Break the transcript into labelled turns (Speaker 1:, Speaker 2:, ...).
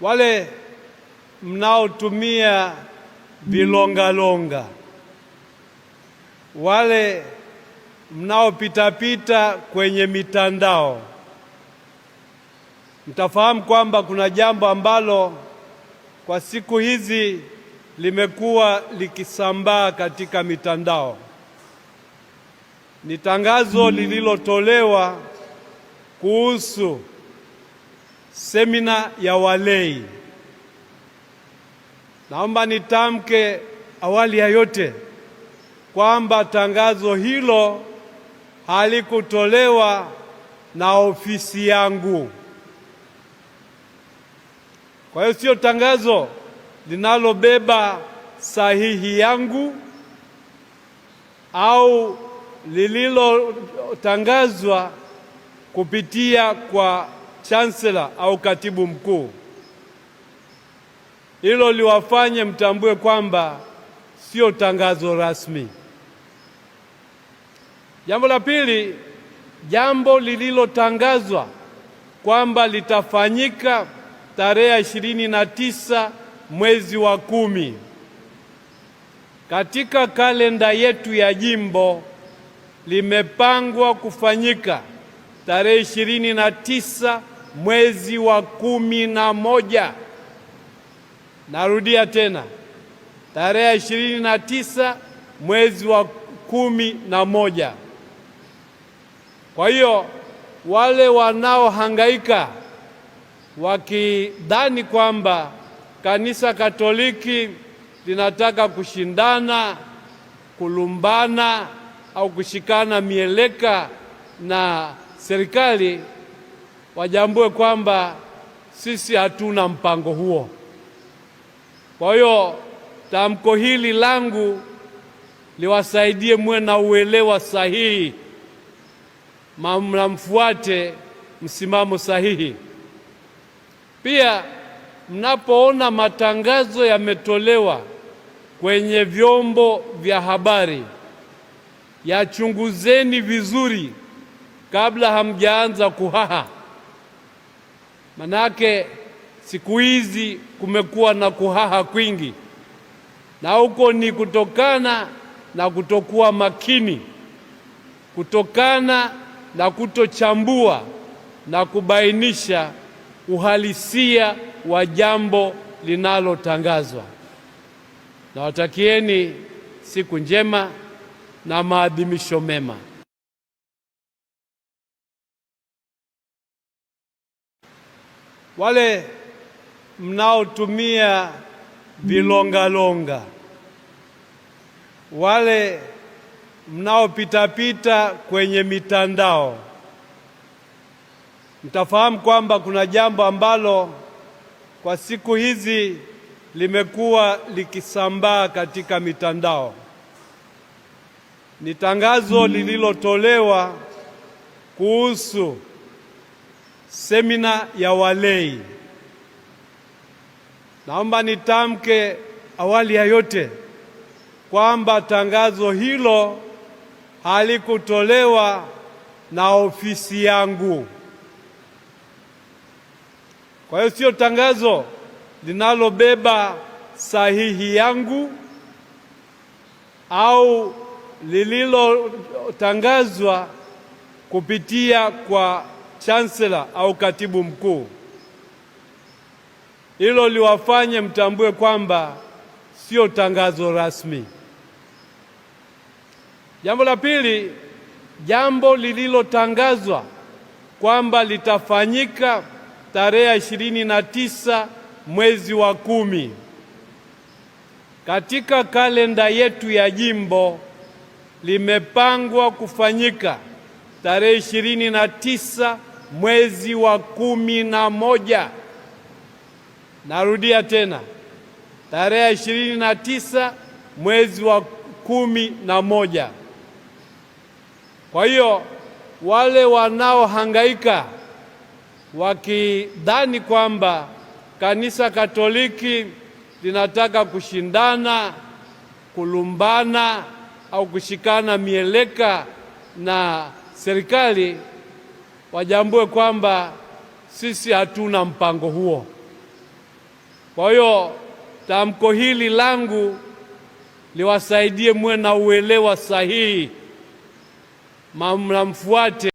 Speaker 1: wale mnaotumia vilongalonga, wale mnaopitapita kwenye mitandao, mtafahamu kwamba kuna jambo ambalo kwa siku hizi limekuwa likisambaa katika mitandao. Ni tangazo lililotolewa kuhusu semina ya walei. Naomba nitamke awali ya yote kwamba tangazo hilo halikutolewa na ofisi yangu. Kwa hiyo sio tangazo linalobeba sahihi yangu au lililotangazwa kupitia kwa chansela au katibu mkuu. Hilo liwafanye mtambue kwamba sio tangazo rasmi. Jambo la pili, jambo lililotangazwa kwamba litafanyika tarehe ishirini na tisa mwezi wa kumi katika kalenda yetu ya jimbo limepangwa kufanyika tarehe ishirini na tisa mwezi wa kumi na moja. Narudia tena tarehe ishirini na tisa mwezi wa kumi na moja. Kwa hiyo wale wanaohangaika wakidhani kwamba kanisa Katoliki linataka kushindana, kulumbana au kushikana mieleka na serikali wajambue kwamba sisi hatuna mpango huo. Kwa hiyo tamko hili langu liwasaidie muwe na uelewa sahihi, mnamfuate msimamo sahihi. Pia mnapoona matangazo yametolewa kwenye vyombo vya habari, yachunguzeni vizuri kabla hamjaanza kuhaha. Manake siku hizi kumekuwa na kuhaha kwingi, na huko ni kutokana na kutokuwa makini, kutokana na kutochambua na kubainisha uhalisia wa jambo linalotangazwa. Nawatakieni siku njema na maadhimisho mema.
Speaker 2: wale mnaotumia vilongalonga, wale mnaopitapita kwenye mitandao, mtafahamu kwamba kuna jambo ambalo kwa siku hizi limekuwa likisambaa katika mitandao. Ni tangazo lililotolewa kuhusu semina ya walei. Naomba nitamke awali ya yote kwamba tangazo hilo halikutolewa na ofisi yangu. Kwa hiyo sio tangazo linalobeba sahihi yangu au lililotangazwa kupitia kwa chansela au katibu mkuu. Hilo liwafanye mtambue kwamba sio tangazo rasmi. Jambo la pili, jambo lililotangazwa kwamba litafanyika tarehe ishirini na tisa mwezi wa kumi katika kalenda yetu ya jimbo limepangwa kufanyika tarehe ishirini na tisa mwezi wa kumi na moja. Narudia tena tarehe ishirini na tisa mwezi wa kumi na moja. Kwa hiyo wale wanaohangaika wakidhani kwamba kanisa Katoliki linataka kushindana, kulumbana au kushikana mieleka na serikali wajambue kwamba sisi hatuna mpango huo. Kwa hiyo tamko hili langu liwasaidie muwe na uelewa sahihi, mnamfuate